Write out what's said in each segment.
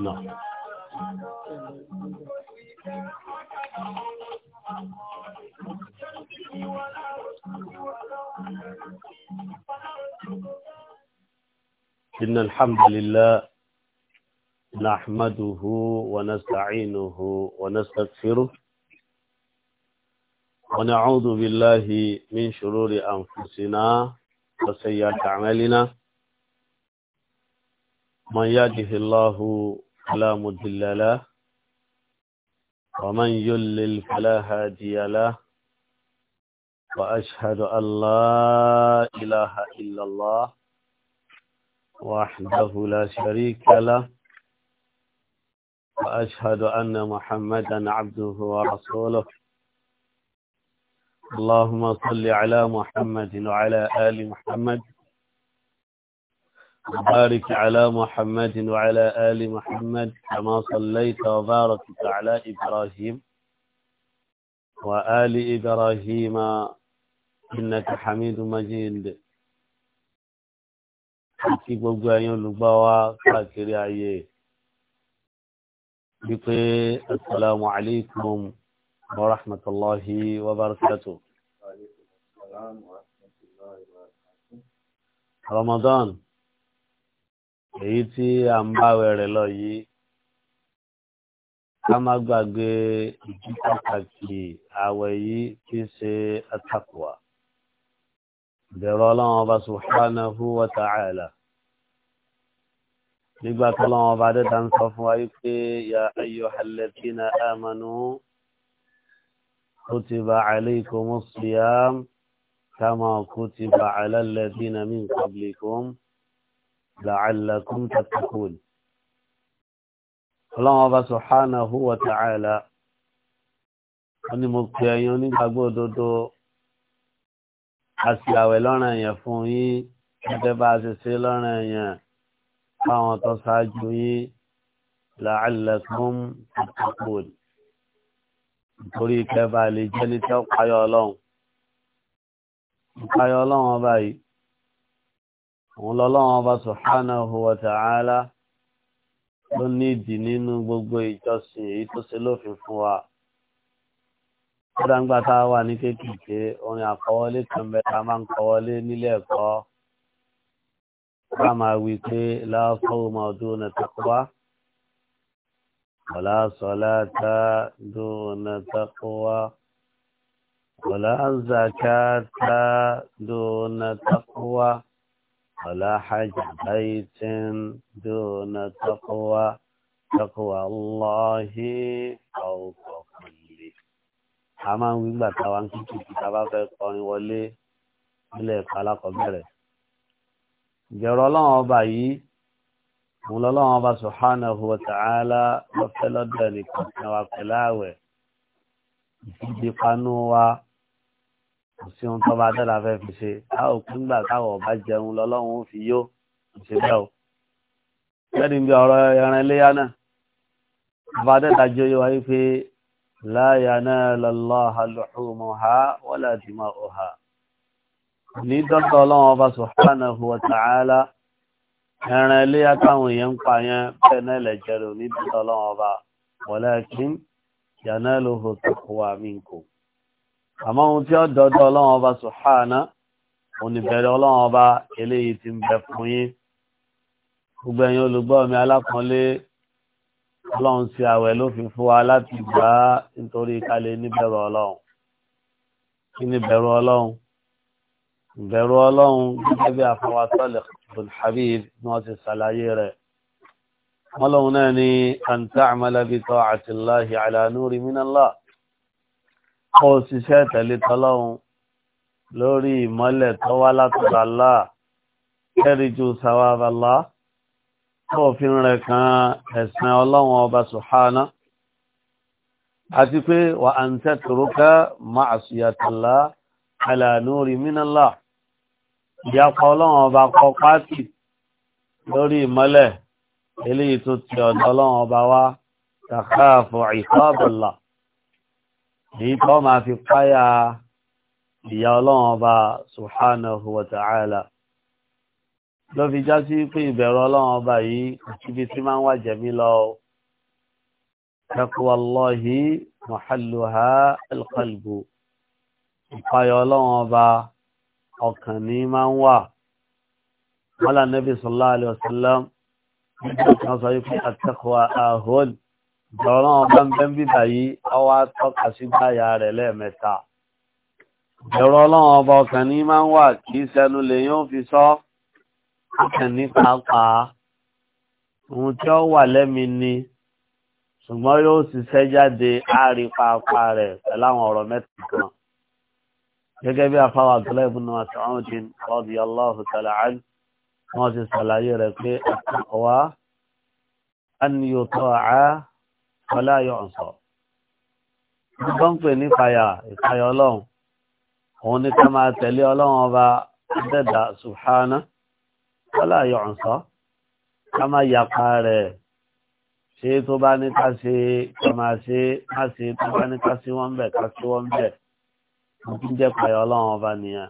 نعم إن الحمد لله نحمده ونستعينه ونستغفره ونعوذ بالله من شرور أنفسنا وسيئات أعمالنا من يهده الله فلا مضل له ومن يضلل فلا هادي له وأشهد أن لا إله إلا الله وحده لا شريك له وأشهد أن محمدا عبده ورسوله اللهم صل على محمد وعلى آل محمد وبارك على محمد وعلى آل محمد كما صليت وباركت على إبراهيم وآل إبراهيم إنك حميد مجيد kí gbogbo ẹ̀yin olùgbọ́ wa káàkiri ayé wípé asalaamu alaykum wa rahmatulahi wa barakatu. Ramadan èyí tí a ń bá wẹrẹ lọ yìí ká má gbàgbé ìdí pàtàkì àwẹ̀ yìí kí ṣe àtàkùwà bẹ̀rù ọlọ́run ọba subhanahu wa ta'ala nígbà tó lọ́wọ́ ọba dẹ́ta ń sọ fún wa pé ya ayyuhal ladhina amanu kutiba alaykumus siyam kama kutiba ala alladhina min qablikum. لعلكم tattaqun ọlọ́run ọba subhanahu wa ta'ala wọ́n ni mo pè ẹ̀yin onígbàgbọ́ òdodo àti àwẹ̀ lọ́rùn ẹ̀yẹn fún yín gẹ́gẹ́ bá a ṣe ṣe lọ́rùn ẹ̀yẹn fáwọn tó ṣáájú yín la'allakum tattaqun nítorí kẹfà lè jẹ́ ní tẹ́ ọ̀páyọ̀ ọlọ́run ọba yìí àwọn lọ́lọ́wọ́n bá subhanahu wa ta'ala ló nídi nínú gbogbo ìjọsìn èyí tó ṣe lófin fún wa kódàǹgbà tá a wà ní kékèké orin àkọwọlé kan bẹ tá a máa ń kọwọlé nílé ẹ̀kọ́ ká máa wí pé la fawma duna taqwa wala salata duna taqwa wala zakata duna taqwa. ولا حج بيت دون تقوى تقوى الله فوق كل a máa ń wí gbà táwa ń kíkì kí ta bá fẹ́ kọrin wọlé nílẹ̀ ẹ̀ka alákọ̀ọ́bẹ̀rẹ̀ ìjọ̀rọ̀ ọlọ́run ọba yìí òun lọ́lọ́run ọba subhanahu wa ta'ala lọ́fẹ́ lọ́dọ̀ ẹnìkan ní wa pẹ̀láwẹ̀ ìfìdípanú wa kò sí ohun tó bá dọ́là fẹ́ fi ṣe a ò kú nígbà táwọn ọba jẹun lọ́lọ́run ó fi yó kò bẹ́ẹ̀ o. lẹ́nu bí ọ̀rọ̀ ẹran iléyà náà ọba dẹ́ta jẹ́ oyè wáyé pé láyà náà lọ́lọ́ àlùhùmọ̀ ha wọ́lá dìmọ̀ ọ̀hà. ní dọ́tọ̀ ọlọ́run ọba subhanahu wa ta'ala ẹran iléyà táwọn èèyàn ń pa yẹn bẹ́ẹ̀ náà lẹ́jẹ̀ rò ní dọ́tọ̀ ọlọ́run ọba wọ́lá kí yànnà àmọ́ ohun tí ó dọ́dọ́ ọlọ́run ọba sùhánà oníbẹ̀rẹ̀ ọlọ́run ọba eléyìí ti ń bẹ fún yín gbogbo ẹ̀yin olùgbọ́ mi alákànlé ọlọ́run sí àwẹ̀ ló fi fún wa láti gbà á nítorí kalẹ̀ níbẹ̀rù ọlọ́run kí níbẹ̀rù ọlọ́run ìbẹ̀rù ọlọ́run gẹ́gẹ́ bí àfọwà sọ́lẹ̀ Habib ni wọ́n ti ṣàlàyé rẹ̀ wọ́n lóun náà ni an ta'amala bi ta'atillahi kó o ṣiṣẹ́ tẹ̀lé tọ́lọ́run lórí ìmọ́lẹ̀ tó wá látọ̀dọ̀ Allah kẹ́rì ju sàwàbàlá tó fi rẹ̀ kan ẹ̀sìn ọlọ́run ọba sùhánà àti pé wà á ń tẹ́tùrúkà máa ṣùyàtàlá alànúrí mínàlá ìyapa ọlọ́run ọba kọ pátì lórí ìmọ́lẹ̀ eléyìí tó ti ọ̀dọ̀ ọlọ́run ọba wá tàkàfọ̀ ìfọ́ èyí tó máa fi páyà ìyá ọlọ́run ọba subhanahu wa ta'ala ló fi já sí pé ìbẹ̀rù ọlọ́run ọba yìí ibi tí máa ń wà jẹ̀mí lọ taqwallahi mahalluha alqalbu ìpáyà ọlọ́run ọba ọkàn ní máa ń wà wọ́n lànà nabi sallallahu alaihi wasallam jọ̀rọ̀ ọba ń bẹ́ ń bíbà yìí ọwọ́ atọ́ka sí gbáyà rẹ̀ lẹ́ẹ̀mẹ́ta jọ̀rọ̀ ọlọ́run ọba ọkàn ní máa ń wà kì í sẹnu lèyìn ó fi sọ ọkàn ní pàápàá ohun tí ó wà lẹ́mi ni ṣùgbọ́n yóò ṣiṣẹ́ jáde áàrí pàápàá rẹ̀ pẹ̀lú àwọn ọ̀rọ̀ mẹ́ta kan gẹ́gẹ́ bí afáwà abdullahi ibn mas'udin radiyallahu ta'ala anhu wọ́n ti ṣàlàyé rẹ̀ pé àtàkọ́wá an yuta'a ọláyọ̀ ọ̀sọ̀. Wọ́n ń pè ní ìpayà ìpayà ọlọ́run. Òun ni ká máa tẹ̀lé ọlọ́run ọba dẹ́dà Subhana. Ọláyọ̀ ọ̀sọ̀. Ká máa yapa rẹ̀. Ṣé tó bá ní ká ṣe ká máa ṣe má ṣe tó bá ní ká sí wọ́n bẹ̀ ká sí wọ́n bẹ̀. Mo tún jẹ́ ìpayà ọlọ́run ọba nìyẹn.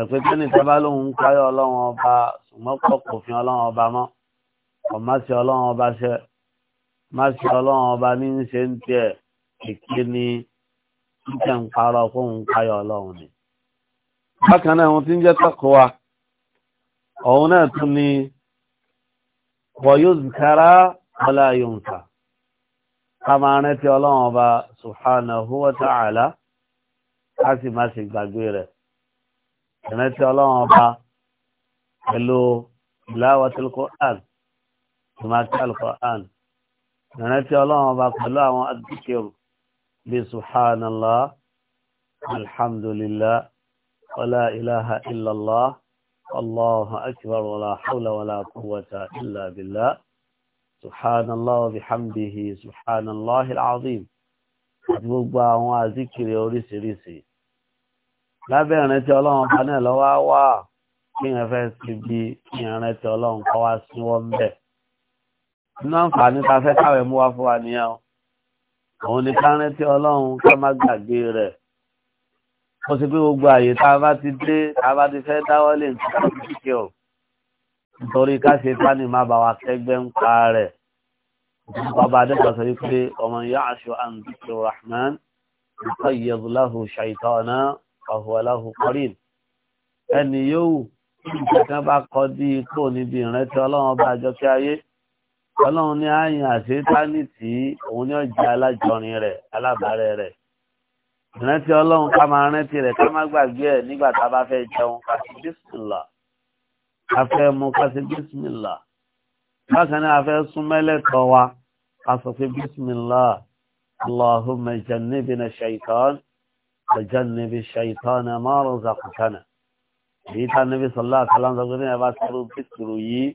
Àpẹẹrẹ kí ni ìjọba ń payọ̀ ọlọ́run ọba ṣùgbọ́n pọ̀ kò fi ọlọ́run ọba mọ́. Ọ̀ma ṣe ọlọ́run ọba ṣẹ́ má ṣe ọlọ́run ọba ní ń ṣe ń tiẹ̀ èké ni títẹ̀ ń parọ́ fóun káyọ̀ ọlọ́run ni. bákan náà ohun tí ń jẹ́ tọ́kọ wa òun náà tún ni wọ̀yọ́zùkárá ọlá yòǹkà ká máa rántí ọlọ́run ọba subhanahu wa ta'ala ká sì má ṣe gbàgbé rẹ̀ ìrántí ọlọ́run ọba pẹ̀lú ìlàwọ̀tí al-Qur'an ìmáàtí al-Qur'an ìrántí ọlọ́run ọba pẹ̀lú àwọn adìkẹrù bíi subhanallah alhamdulillah wala ilaha illallah allahu akbar wala hawla wala quwwata illa billah subhanallah wa bihamdihi subhanallah alazim àti gbogbo àwọn adìkẹrù oríṣiríṣi lábẹ́ ìrántí ọlọ́run ọba náà lọ́wọ́ wà kí n fẹ́ síbi kí ìrántí ọlọ́run kọ́ wá sí wọ́n bẹ́ẹ̀ nínú àǹfààní ta fẹ́ káwẹ̀ mú wá fún wa nìyẹn òun ni ká rántí ọlọ́run ká má gbàgbé rẹ̀ ó sì pé gbogbo àyè tá a bá ti dé tá a bá ti fẹ́ dáwọ́lé nǹkan tó ti kí o nítorí ká ṣe tání má bá wa kẹ́gbẹ́ ń pa rẹ̀ bàbá adéka sọ wípé ọmọ ìyá aṣọ àǹdíkì rahman nǹkan ìyẹ̀bùláhù ṣàìtọ́nà ọ̀hùwàláhù kọrin ẹni yóò nǹkan bá kọ dí ikú níbi ìrántí ọlọ́run bá àjọ kí ayé ọlọ́run ní àyìn àṣetánì tí òun ní ọjà alájọrin rẹ̀ alábàárẹ̀ rẹ̀ ìrántí ọlọ́run ká máa rántí rẹ̀ ká má gbàgbé ẹ̀ nígbà tá a bá fẹ́ jẹun ká sí bísímìlà ká fẹ́ mu ká sí bísímìlà bákan náà a fẹ́ sún mẹ́lẹ́tọ̀ wa ká sọ pé bísímìlà allahumma jannibna shaitan wa jannibi shaitana ma razaqtana èyí tá a níbi sọlá àkàlà ń sọ pé ní bá sọ̀rọ̀ bísírù yìí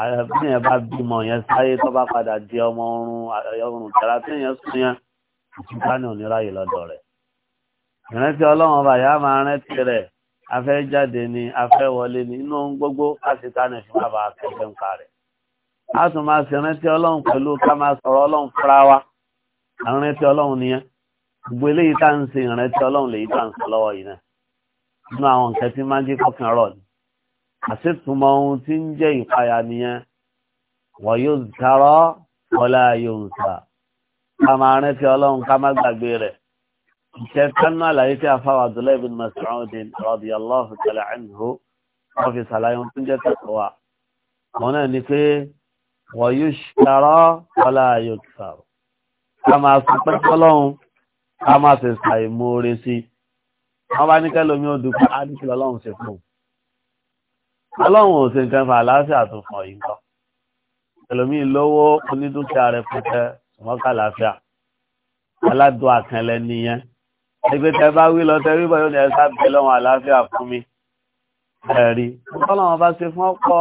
àbí yẹn bá bímọ yẹn sáyé tó bá padà di ọmọ ọrùn ọrùn tẹ̀lá tí yẹn sún yẹn ìtúká ní oníráyè lọ́dọ̀ rẹ̀ ìrántí ọlọ́run ọba yà máa rántí rẹ̀ afẹ́ jáde ni afẹ́ wọlé ni inú ohun gbogbo kásìtánì fún bàbá akẹ́kẹ́ ń pa rẹ̀ a tún máa sì rántí ọlọ́run pẹ̀lú ká máa sọ̀rọ̀ ọlọ́run fúnra wa à ń rántí ọlọ́run nìyẹn gbogbo eléyìí tá à ń ṣe ìrántí ọlọ́run lèyí àṣètùmọ̀ ohun tí ń jẹ́ ìpayà nìyẹn wọ́n yóò kárọ́ ọlá yóò ń sà ká máa rántí ọlọ́run ká má gbàgbé rẹ̀ iṣẹ́ kánú àlàyé tí a fáwọn Abdullahi bin Mas'udin radiyallahu ta'ala anhu wọ́n fi ṣàlàyé ohun tí ń jẹ́ tẹ̀kọ̀wá wọn náà ni pé wọ́n yóò kárọ́ ọlá yóò sà ká máa sọ pé ọlọ́run ká máa sì ṣàìmóore sí wọ́n bá ní kẹ́lómi ó á ní kí ọlọ́run ṣe fún un ọlọ́run ò sí nǹkan fún àlàáfíà tó fọ yìí lọ ẹlòmíì lówó onídùúkìá rẹpẹtẹ mọ́kà àlàáfíà aládùn àkànlẹ̀ nìyẹn ẹgbẹ́ tẹ bá wí lọ tẹ wí bọ́ yóò ní ẹ̀ka bẹ́ẹ̀ lọ́wọ́ àlàáfíà fún mi ẹ̀rí ọlọ́run bá ṣe fún ọkọ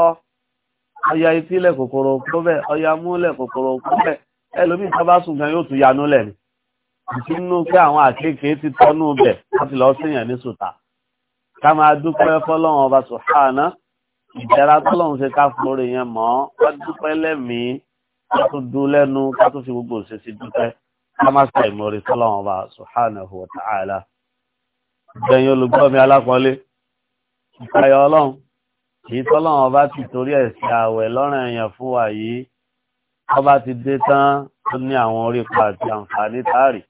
ọya etílẹ̀ kòkòrò kó bẹ́ẹ̀ ọya múlẹ̀ kòkòrò kó bẹ́ẹ̀ ẹlòmíì tó bá sùn gan yóò tún yanú lẹ̀ ni ìtinú pé àwọn àkékèé ti tọ́nú bẹ̀ ní sùtà ká máa dúpẹ́ fọ́lọ́run ọba sùhánà ìdára tọ́lọ́run ṣe ká forí yẹn mọ́ ká dúpẹ́ lẹ́mìí ká tó du lẹ́nu ká tó fi gbogbo ṣe sí dúpẹ́ ká má ṣe ìmọ̀rí tọ́lọ́run ọba subhanahu wa ta'ala. ìgbẹ̀yìn olùgbọ́ mi alákọ̀ọ́lé ìtayọ̀ ọlọ́run kì í tọ́lọ́run ọba ti torí ẹ̀ sí ààwẹ̀ lọ́rùn èèyàn fún wa yìí ọba ti dé tán tó ní àwọn orí pa àti àǹfààní táàrí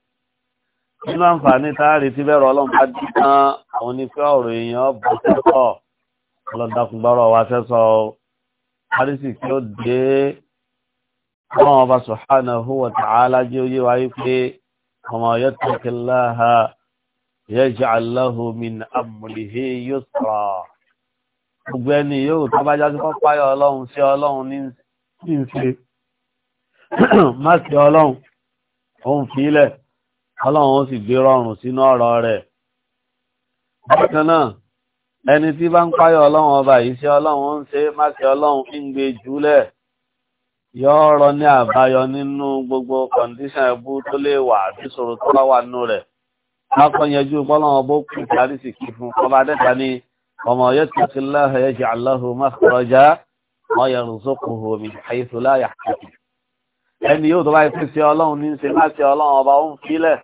nínú àǹfààní táàrí tí bẹ́ẹ̀ rọ ọlọ́dàkùn gbọ́rọ̀ wa sẹ́sọ àrísì kí ó dé ọmọ ọba subhanahu wa ta'ala jẹ́ oyé wa yí pé ọmọ yattaqillaha yaj'al lahu min amrihi yusra gbogbo ẹni yóò tó bá jáde pápáyọ ọlọ́run sí ọlọ́run ní ṣe má sí ọlọ́run òun fílẹ̀ ọlọ́run ó sì gbé rọrùn sínú ọ̀rọ̀ rẹ̀ bákan náà ẹni tí bá ń páyọ̀ ọlọ́run ọba ìṣẹ́ ọlọ́run ń ṣe máṣe ọlọ́run fi ń gbé jùlẹ̀ yọ́ rọ ní àbáyọ nínú gbogbo kọ̀ǹdíṣàn ẹbú tó lè wà àti ṣòro tó bá wà nínú rẹ̀ lákọ̀ọ́yẹjú bọ́lọ́run ọbọ̀ kù kárí sì kí fún ọba dẹ́ta ní ọmọ yattaqillaha yaj'al lahu makhraja wa yarzuqhu min haythu la yahtasib ẹni yóò tó bá fi ṣe ọlọ́run ní ṣe máṣe ọlọ́run ọba ó ń filẹ̀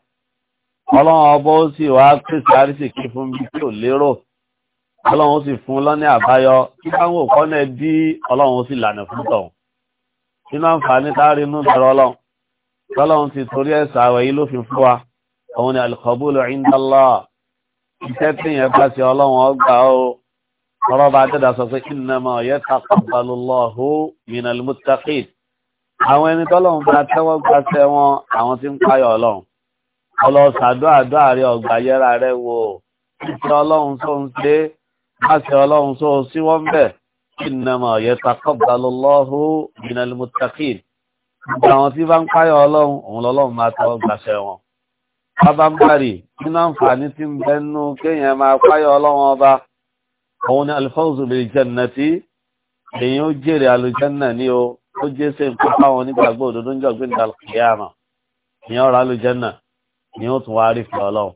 ọlọ́run ọba ó sì wá pèsè àrísìkí fún bí tí lérò ọlọ́run sì fún lọ́ní àbáyọ kí báwọn òkọ́ náà dí ọlọ́run sì lànà fún tọ̀hún nínú àǹfààní táàrí inú bẹ̀rẹ̀ ọlọ́run tọ́lọ́run ti torí ẹ̀sà àwẹ̀ yìí ló fi fún wa òun ni al-qabulu inda Allah iṣẹ́ tí yẹn bá ṣe ọlọ́run ọgbà o ọ̀rọ̀ bá dẹ́dà sọ pé innama yataqabbalu Allahu minal muttaqin àwọn ẹni tọ́lọ́run bá tẹ́wọ́ gbàṣẹ wọn àwọn tí ń páyọ̀ ọlọ́run ọlọ́sàdúrà rẹ ọgbà yẹra rẹ wò ó ti ọlọ́run tó ń ṣe é láti ọlọ́run tó sí wọ́n bẹ̀ innama yataqabbalu Allahu minal muttaqin àwọn tí bá ń páyọ̀ ọlọ́run òun lọ́lọ́run máa tọ́ gbàṣẹ wọn bábámbárì nínú àǹfààní tí ń bẹ nínú kéèyàn máa páyọ̀ ọlọ́run ọba òun ni al-fawzu bil jannati èyàn ó jèrè àlùjànnà ní o ó jésè ń pápá wọn nígbàgbọ́ òdodo ń jọ gbé ní al-qiyama èyàn ọ̀rọ̀ àlùjànnà ni ó tún wá rí fún ọlọ́run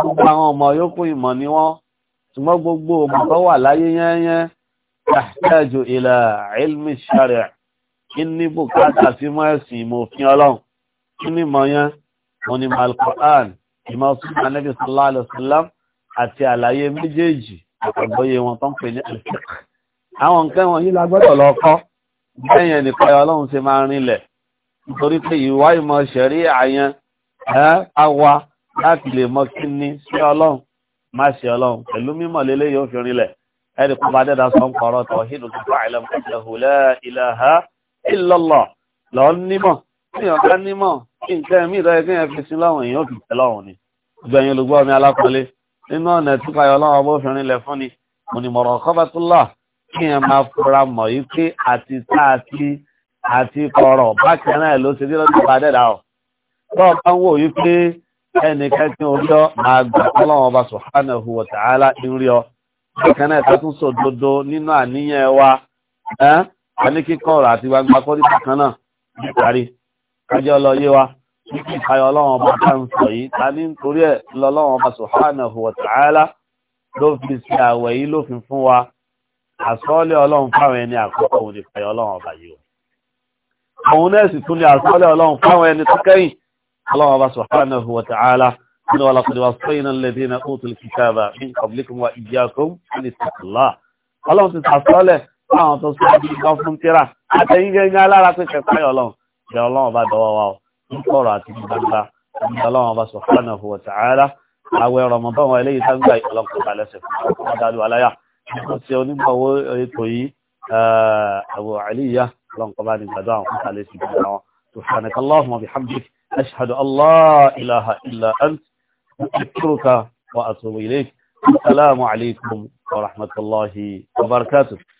gbogbo àwọn ọmọ yòókù ìmọ̀ ni wọ́n ṣùgbọ́n gbogbo ọmọ tó wà láyé yẹ́yẹ́ tàṣẹ́jù ilẹ̀ ilmi sharia kí ní bùkátà sí mọ́ ẹ̀sìn ìmọ̀ òfin ọlọ́run kí ní mọ̀ yẹn wọn ni malkoran ìmọ̀ súnmọ́ nẹ́bí sallallahu alaihi wasallam àti àlàyé méjèèjì àgbọ́yé wọn tó ń pè ní alfiq àwọn nǹkan wọn yìí lágbọ́dọ̀ lọ kọ́ bẹ́yẹn nìkan ọlọ́run ṣe máa rinlẹ̀ nítorí pé ìwá ìmọ̀ ṣẹ̀rí àyẹn ẹ́ á wá láti lè mọ kí ni sí ọlọ́run má ṣe ọlọ́run pẹ̀lú mímọ̀ lélẹ́ yóò fi rinlẹ̀ ẹni kó bá dẹ́dà sọ ń kọ̀rọ̀ tọ̀ hídùn tó fà ilẹ̀ mọ̀tẹ́hù lẹ́ ilaha illallah lọ nímọ̀ níyàn ká nímọ̀ kí nǹkan ẹ̀mí ìdọ́yẹ kí yẹn fi sí lọ́wọ́ èèyàn fi tẹ̀ lọ́wọ́ ni gbẹ̀yìn olùgbọ́ mi alákọ̀ọ́lé nínú ọ̀nà tí kayọ̀ ọlọ́run ọbọ̀ fi rinlẹ̀ fún ni ònìmọ̀rọ̀ kọ́bátúlà kí yẹn bá dẹ́dà ẹnìkan tí orí ọ máa gbà ọlọ́wọ́n ọba subhanahu wa ta'ala ìrí ọ bákan náà ìtàtún sọ dodo nínú àníyàn wa ẹ́ ẹni kíkọ́ ọ̀rọ̀ àti gbangba kọ́ nípa kan náà níparí kájọ́ ọlọ́yé wa nípa ìtayọ̀ ọlọ́wọ́n ọba bá ń sọ yìí ta ní nítorí ẹ̀ lọ́lọ́wọ́n ọba subhanahu wa ta'ala ló fi ṣe àwẹ̀ yìí lófin fún wa àsọ́ọ́lẹ̀ ọlọ́run fáwọn ẹni àkọ́kọ́ الله سبحانه وتعالى إن ولقد وصينا الذين أوتوا الكتاب من قبلكم وإياكم أن اتقوا الله الله تتعصى àwọn tó sọ bí ìgbọ́n fún tíra àtẹ̀yìn gẹ́gẹ́ alára pé kẹfàáyọ̀ ọlọ́run jẹ́ ọlọ́run bá dọwọ́ wa ń kọ̀rọ̀ àti gbangba ní ọlọ́run bá sọ fún ọ̀nà ta'ala àwẹ̀ rọmọbọ́n wa eléyìí tágbà ọlọ́run kọ̀ọ̀bá lẹ́sẹ̀ fún ọ̀dàlú aláyà wọ́n ti onígbàwó ètò yìí àwọ̀ eh, àlíyà ọlọ́run kọ̀ọ̀bá ní gbàdọ̀ àwọn kọ̀ọ̀bá lẹ́sẹ̀ fún àwọn أشهد الله إله إلا أنت أشكرك وأتوب إليك السلام عليكم ورحمة الله وبركاته